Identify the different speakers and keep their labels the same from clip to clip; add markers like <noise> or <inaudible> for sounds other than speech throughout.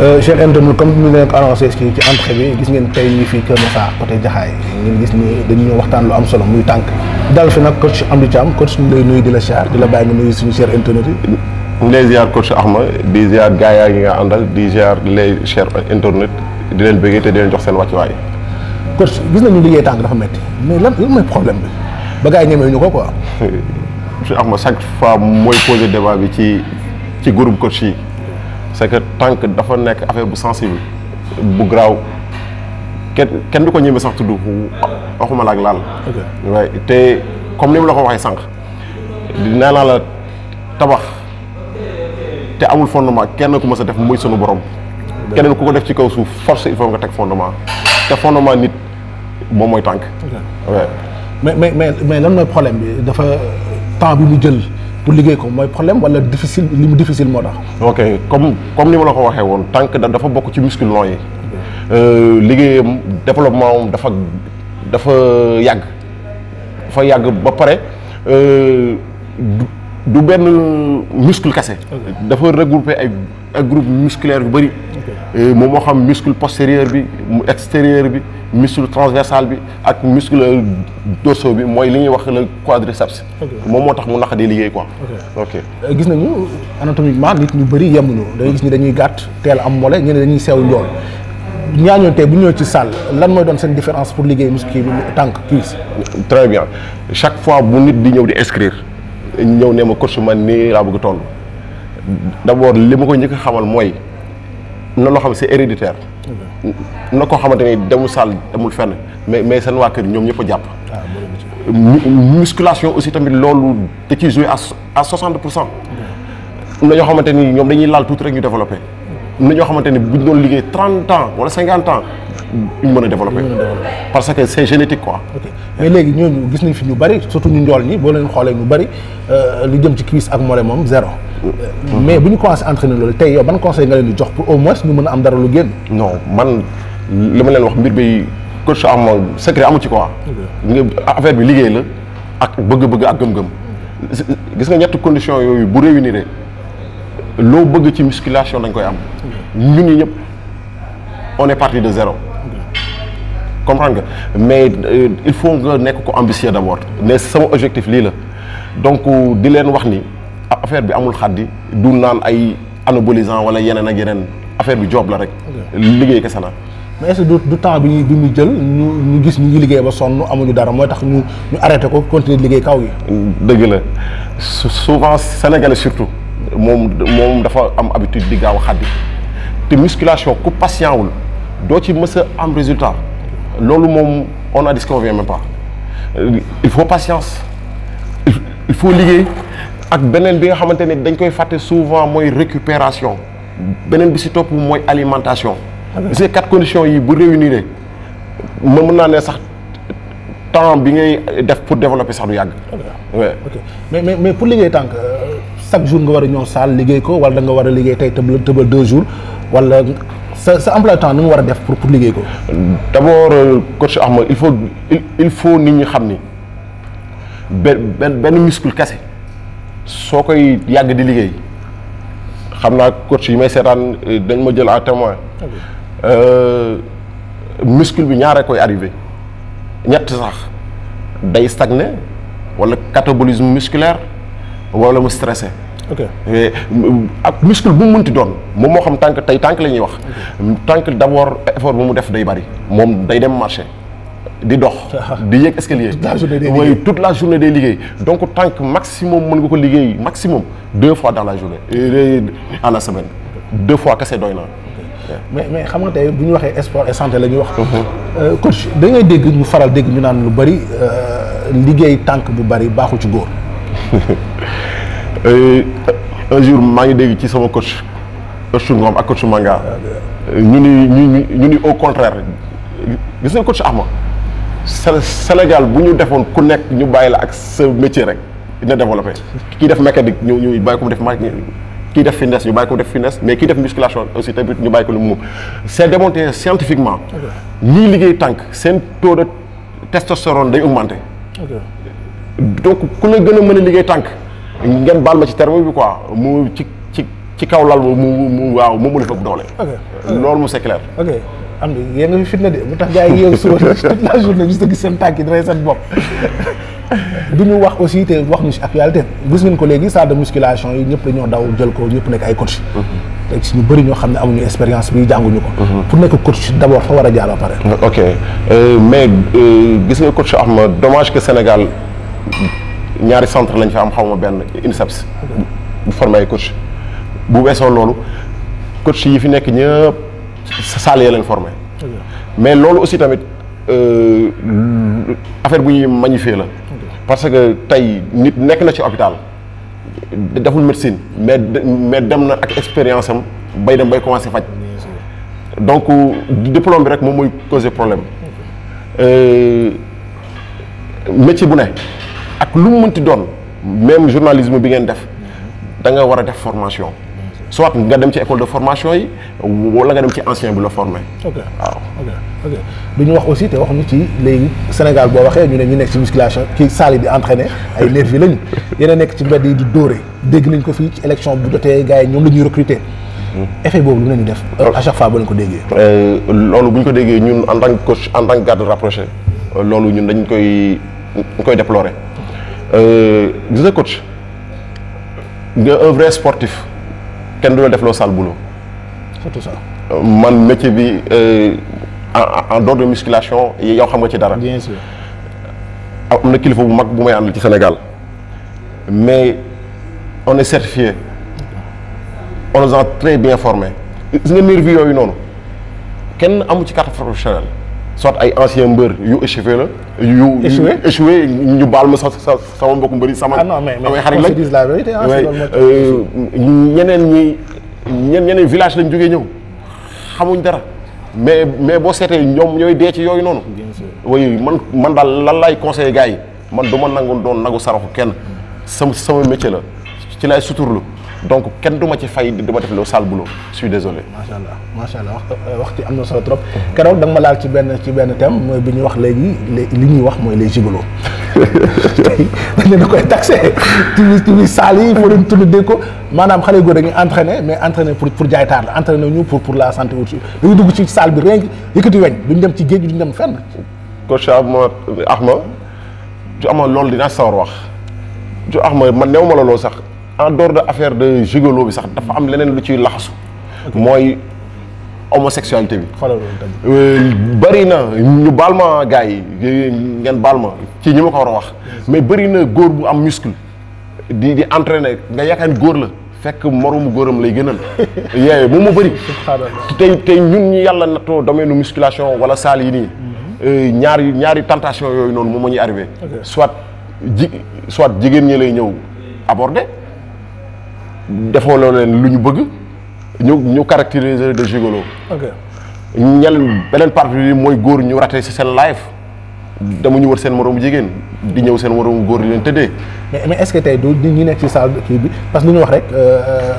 Speaker 1: Euh, Cheikh Antoine comme ni leen ko annoncé ci ci entrée bi gis ngeen fii Kër Massar côté Jaxaay ngeen gis ni dañuy waxtaan lu am solo muy tànk dal fi nag coach Amady Thiam coach ñu lay nuyu di la ziar di la bàyyi nga nuyu suñu Cheikh
Speaker 2: yaa ngi nga àndal di ziar lay Cheikh Antoine di leen bëggee te di leen jox seen wàccuwaay
Speaker 1: coach gis nañu liggéey tànk dafa métti mais lan lan mooy problème bi ba gaa yi ñemee ñu ko quoi
Speaker 2: Cheikh <laughs> Ahma chaque fois mooy posé débat bi ci ci groupe coach yi c'est que tànk dafa nekk affaire bu sensible bu graaw kenn kenn du ko ñëme sax tudd waxuma laa ak laal. te comme ni mu la ko waxee sànq dinaa naa la tabax te amul fondement kenn ku mës a def muy sunu borom. keneen ku ko def ci kaw suuf force il faut nga teg fondement te fondement nit moom mooy tànk.
Speaker 1: mais mais mais lan mooy problème bi dafa temps bi mu jël. pour liggéey ko mooy problème wala difficile li mu difficile moo tax.
Speaker 2: ok comme comme ni ma la ko waxee woon tànk da dafa bokk ci muscle long yi. Euh, liggéeyam développement am dafa dafa yàgg. dafa yàgg ba pare euh, du benn muscle kese. dafa regrouper ay ay groupe musculaire yu bëri. moom moo xam muscle postérieur bi extérieur bi muscle transversal bi ak muscle dorsaux bi mooy li ñuy wax le quadriceps moom moo tax mu naq di liggéey ko euh,
Speaker 1: gis gis ñu anatomiquement nit ñu bëri yemuñu dañuy gis ni dañuy gàtt teel am mole ñeneen dañuy sew njool ñaañoo tey bu ñëw ci salle lan mooy doon seen différence pour liggéey muscle bi tànk cuisse
Speaker 2: très bien chaque fois bu nit di ñëw di inscrire ñëw ne ma coach man nii laa bëgg toll li ma ko njëkk xamal mooy na loo xam ne c'est na ko xamante ni demul sàll demul fenn mais mais seen waa kër ñoom ñëpp a jàpp. musculation aussi tamit loolu da ciy joué à à pour cent. na ñoo xamante ni ñoom dañuy laal tuuti rek ñu développé. na ñoo xamante ni buñ doon liggéey 30 ans wala cinquante ans ñu mën a développé. parce que c'est génétique quoi. Okay. léegi
Speaker 1: ñooñu gis nañ ñu bari surtout ñu njool ñi boo leen xoolee ñu bari euh, lu jëm ci cuisse ak mollet moom zéro. mais bu ñu commencé entraîner loolu tey yow ban conseil nga leen di jox pour au moins ñu mën a am dara lu génn.
Speaker 2: non man li ma leen wax mbir bi coach am secret amu ci quoi. nga affaire bi liggéey la ak bëgg-bëgg ak gëm-gëm. gis nga ñetti condition yooyu bu réunir loo bëgg ci musculation dañ koy am. ñun ñi ñëpp on est parti de zéro. comprendre nga mais euh, il faut nga nekk ko ambitieux d'abord ne sama objectif lii la donc di leen wax ni. affaire bi amul xaddi du naan ay anabolisant wala yeneen ak yeneen affaire bi job la rek. liggéey kese la.
Speaker 1: mais est-ce que du temps bi bi jël ñu ñu gis ñu liggéey ba sonn amuñu dara mooy tax ñu
Speaker 2: ñu arrêté ko continuer liggéey kaw yi. dëgg la souvent sénégalais surtout moom moom dafa am habitude di gaaw a xaddi te musculation ku patient wul doo ci mës a am résultat loolu moom on a disconvient même pas euh, il faut patience il faut liggéey. ak beneen bi nga xamante ne dañ koy fàtte souvent mooy récupération beneen bi si topp mooy alimentation. ces ah quatre conditions yi bu réunir ma mën naa ne sax temps bi ngay def pour développer sax du yàgg. Ah
Speaker 1: mais mais mais pour liggéey tànk euh, chaque jour nga war a ñëw saal liggéey ko wala danga war a liggéey tey tëbal tëbal deux jours wala sa sa emploi temps ni
Speaker 2: mu war a def pour pour liggéey ko. d' abord euh, coach Ahmed il faut il faut nit ñi xam ni benn benn muscle kese. soo koy yàgg di liggéey xam naa coach yi may seetaan euh, dañ ma jël à témoin euh, muscle bi ñaare koy arrivé ñett sax day stagné walla catabolisme musculaire wala mu stressé. ok euh, ak muscle bu mu mënti doon moom moo xam tànk tey tànk la ñuy wax. tànk d'abord effort bu mu def day bari moom day dem marché. di dox di yéeg escalier mooy toute la journée day liggéey donc tànk maximum mën nga ko liggéey maximum deux fois dans la journée en euh, la semaine deux fois kese doy na mais mais xam nga bu
Speaker 1: ñu waxee sport et santé la ñuy wax mhm. euh, coach da ngay dégg ñu faral dégg ñu naan lu bari euh, liggéey tànk bu bari baaxul ci góor
Speaker 2: <laughs> un jour maa ngi dégg ci sama coach coach Ngom ak coach Manga ah, ñu ni ñu ni au contraire gis nga coach Ahma Sénégal bu ñu defoon ku nekk ñu bàyyi la ak sa métier rek dina développé kii def mécanique ñu ñu bàyyi ko mu def kii def fitness ñu bàyyi ko def fitness mais kii def musculation aussi tamit ñu bàyyi ko lu mu moom c'est démontré scientifiquement ñii liggéey tànk seen taux de testostérone day augmenté donc ku la gën a mën a liggéey tànk ngeen baal ma ci terme bi quoi mu ci ci ci kaw lal mu mu waaw mu mu la ëpp doole loolu mu c'est
Speaker 1: am nga yéen nga fi fitna de mu tax gars yi yeewu suba <laughs> toute la journée gis gis seen tànk yi dafay seen bopp. <laughs> du ñu wax aussi te wax ñu si actualité gis ngeen ko léegi saa de musculation yi ñëpp dañoo daw ko ñëpp nekk ay coach. Mhm. te si ñu bëri ñoo xam ne amuñu expérience bi jànguñu ko. Mhm. pour nekk coach d' abord fa war a jaar ba pare.
Speaker 2: ok euh, mais euh, gis nga coach am na dommage que Sénégal ñaari centre lañ fi am xaw ma benn INSEPS. bu formé ay coach bu weesoo loolu coach yi fi nekk ñëpp. saal ya leen formé. mais loolu aussi tamit euh, affaire bu ñuy magnifier la. parce que tey nit nekk na ci hôpital. deful médecine mais mais dem na ak expérience am bay dem bay commencé faj. donc euh, diplôme bi rek moom muy causer problème. Euh, métier bu ne ak lu mu mënti doon même journalisme bi ngeen def da nga war a def formation. soit nga dem ci école de formation yi wala nga dem ci ancien bi la formé.
Speaker 1: ok waaw du ñu wax aussi te waxuñu ci léegi Sénégal boo waxee ñu ne ñu nekk ci musculation kii salle yi di entraîné ay nervi lañu yéen nekk ci mbedd yi di dóore dégg nañ ko fii ci élection bu jotee gars yi ñoom la ñuy recruter. Mm-hmm. effet boobu lu leen di def. Euh, à chaque fois bu leen ko déggee.
Speaker 2: Euh, loolu bu ñu ko déggee ñun en tant que coach en tant que euh, loolu ñun dañ koy dañ koy déplorer gis nga coach nga un sportif. kenn du la def loo sale boulot. surtout man métier bi euh, en en dehors de musculation yow xam nga ci dara. bien sûr. am na kilifa bu mag bu may àndal ci Sénégal mais on est certifié on nous a très bien formé gis nga nervi yooyu noonu kenn amu ci carte professionnelle. soit ay ancien mbër yu échoué la. yu échoué ñu baal ma sa sa sama mbokku mbëri sama. ah non mais mais xarit lañ la vérité euh, ñeneen ñi ñen ñeneen village lañ jógee ñëw xamuñ dara mais mais boo seetee ñoom ñooy dee ci yooyu noonu. bien man man daal lan laay conseillé gars yi man du ma nangu doon nagu saraxu kenn sama sama métier la ci laay suturlu. donc kenn du ma ci fay du ma def le sale boulot je désolé. macha allah
Speaker 1: macha allah wax euh, wax ci am na solo trop. keroog da nga ma laal ci benn ci benn thème mooy bi ñuy wax léegi li ñuy wax mooy les gigolos. <laughs> tey koy taxé ci biir ci saal yi foo leen dégg ko maanaam xale góor dañuy entraîné mais entraîné pour pour jaay taar la entraîné ñu pour pour la santé aussi dañuy dugg ci saal bi
Speaker 2: rien yëkkati weñ duñ dem ci géej duñ dem fenn. ax ma Axma ju amoon loolu dinaa sawar wax ju Axma man néew ma la loolu sax. en dehors de affaire de gigolo bi sax dafa am leneen lu ciy laxasu mooy homosexualité bi euh, bëri na ñu baal ma gars yi ngeen baal ma ci ñu ma ko war a wax mais bëri na góor bu am muscle di di entraîner nga yaakaar góor la fekk moromu góoram lay gënal <laughs> yee moom mu bëri tey tey ñun ñu yàlla nattoo domaine musculation wala salle yi nii mhm. euh, ñaari ñaari tentation yooyu noonu moom ma ñuy arrivé soit ji soit jigéen ñi lay ñëw aborder defoo loo leen lu ñu bëgg ñu ñu caractériser de gigolo. ok ñel beneen partie bi mooy góor ñu raté si seen live dama ñu wër seen moroomu jigéen di ñëw seen moroomu góor di leen tëddee.
Speaker 1: mais mais est-ce que tey du ñu parce que ñu wax rek euh,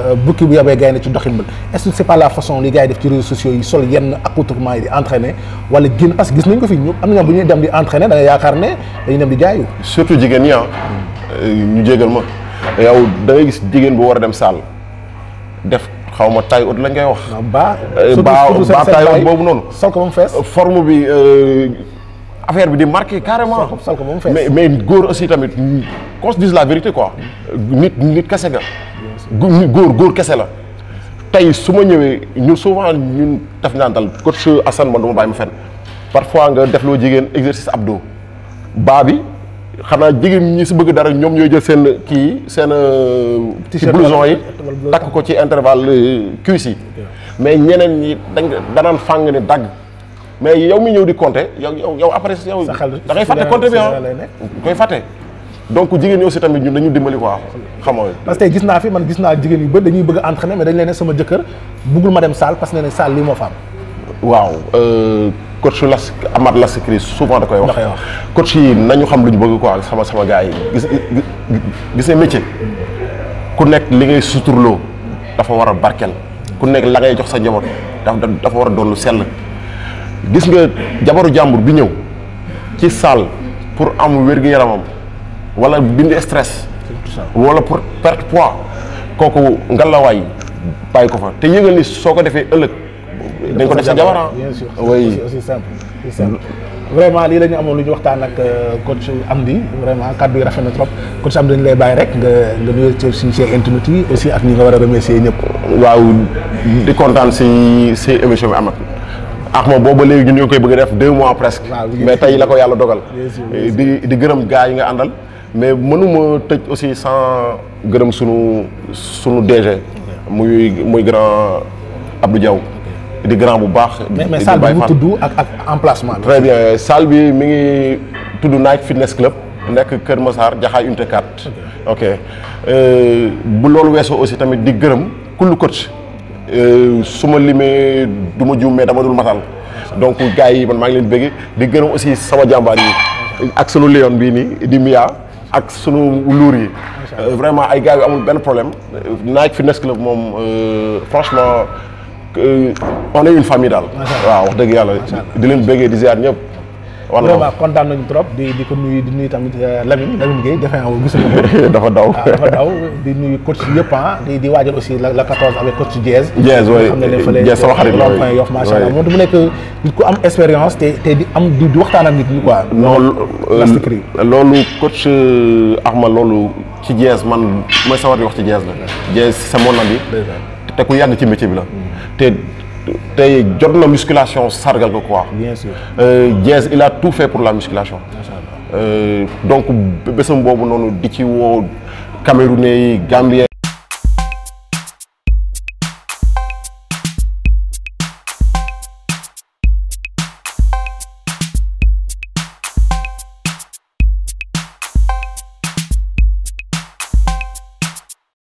Speaker 1: euh, bukki bu yabee gaynde doxin ba est-ce pas la façon li gars yi def ci réseaux sociaux yi sol yenn accoutrement yi di entraîner wala génn parce que gis nañ ko fi ñu am na ñoom bu dem di entraîner da yaakaar ne dañuy dem di jaayu.
Speaker 2: surtout jigéen ñi ah. Euh, ñu jégal ma. yow dangay gis jigéen bu war a dem salle def xaw ma taille haute lañ koy wax. ba euh, baa taille haute boobu noonu. sol ko ba mu fees euh, forme bi euh, affaire bi di marqué carrément. sol ko ba mu mais mais góor aussi tamit qu'on se dise la vérité quoi. nit nit kese nga. góor góor kese la. tey su ma ñëwee ñu souvent ñun def naan dal coach Assane man du ma bàyyi ma fenn parfois nga def loo jigéen exercice abdo baa bi. xanaa jigéen ñi si bëgg dara ñoom ñooy jël seen kii seen euh, ci blouson yi takk ko ci intervalle euh, cuisse mais ñeneen ñi dañ danaan fàng ne dagg mais yow mi ñëw di compter yow yow après yow da ngay fàtte compter bi ah koy fàtte donc jigéen ñi aussi tamit ñun ñu dimbali quoi xam nga
Speaker 1: parce que gis naa fi man gis naa jigéen yu bëri dañuy bëgg a entraîner mais dañ leen sama jëkkër buggul ma dem saal parce que nee na lii moo fa am
Speaker 2: waaw euh, coach las Amath Lassicri souvent da koy wax. coach yi nañu xam lu ñu bëgg quoi sama sama gars yi gis gis métier ku nekk li ngay suturloo dafa war a barkeel ku nekk la ngay jox sa njaboot dafa dafa war a doon lu sell gis nga jabaru jàmbur bi ñëw ci salle pour am wér-gu-yaramam wala bind stress. wala pour perte kooku ngalawaay bàyyi ko fa te yëgal ni soo ko defee ëllëg. dañ ko def sa jabar bien sûr oui aussi
Speaker 1: simple aussi lii la ñu amoon lu ñu waxtaan ak euh, coach Amdi vraiment kàddu yi na trop coach Amdi dañu lay bàyyi rek nga nga nuyoo ci suñu seen internet yi aussi ak ñi nga
Speaker 2: war a remercier ñëpp. waaw di kontaan si si émission bi amat ah moom boobu léegi ñun ñoo koy bëgg def deux mois presque. mais tey la ko yàlla dogal. di di gërëm gars yi nga àndal. mais mënuma tëj aussi sans gërëm sunu sunu DG. muy muy grand Abdou di grand bu baax. di mais salle bi mu
Speaker 1: ak ak emplacement bi.
Speaker 2: très bi mi ngi tudd Night Fitness Club. nekk Kër Massar Jaxaay Unité 4. ok euh, bu loolu weesoo aussi tamit di gërëm kullu coach euh, su ma limee du ma juum mee dama dul matal. donc gars yi man maa ngi leen bëgg di gërëm aussi sama jàmbaar yi. ak sunu lion bii nii di Mia ak sunu luur yi. Euh, vraiment ay gars yu amul benn problème. Night Fitness Club moom franchement. Euh, on est une famille daal. waaw dëgg yàlla. di leen bëggee di ziar ñëpp. war na vraiment
Speaker 1: kontaan nañu trop di ko nuyu di nuyu tamit euh, Lamine Lamine Gueye defe naa gis nga
Speaker 2: <laughs> dafa daw ah, dafa
Speaker 1: daw di nuyu coach yëpp ah di di waajal aussi la la 14 avec coach Diaz. Diaz waay Diaz sama xarit loolu point yof am di am di waxtaan ak nit ñi quoi.
Speaker 2: loolu euh, loolu coach Axma loolu ci Diaz man mooy sawar di wax ci Diaz la. Diaz sa mon ami. te ku yàgg ci métier bi la. te tey jot na musculation sargal ko quoi. bien sûr euh, Diez tout fait pour la musculation. Euh, donc bésam boobu noonu di ci woo Camerounais yi Gambien.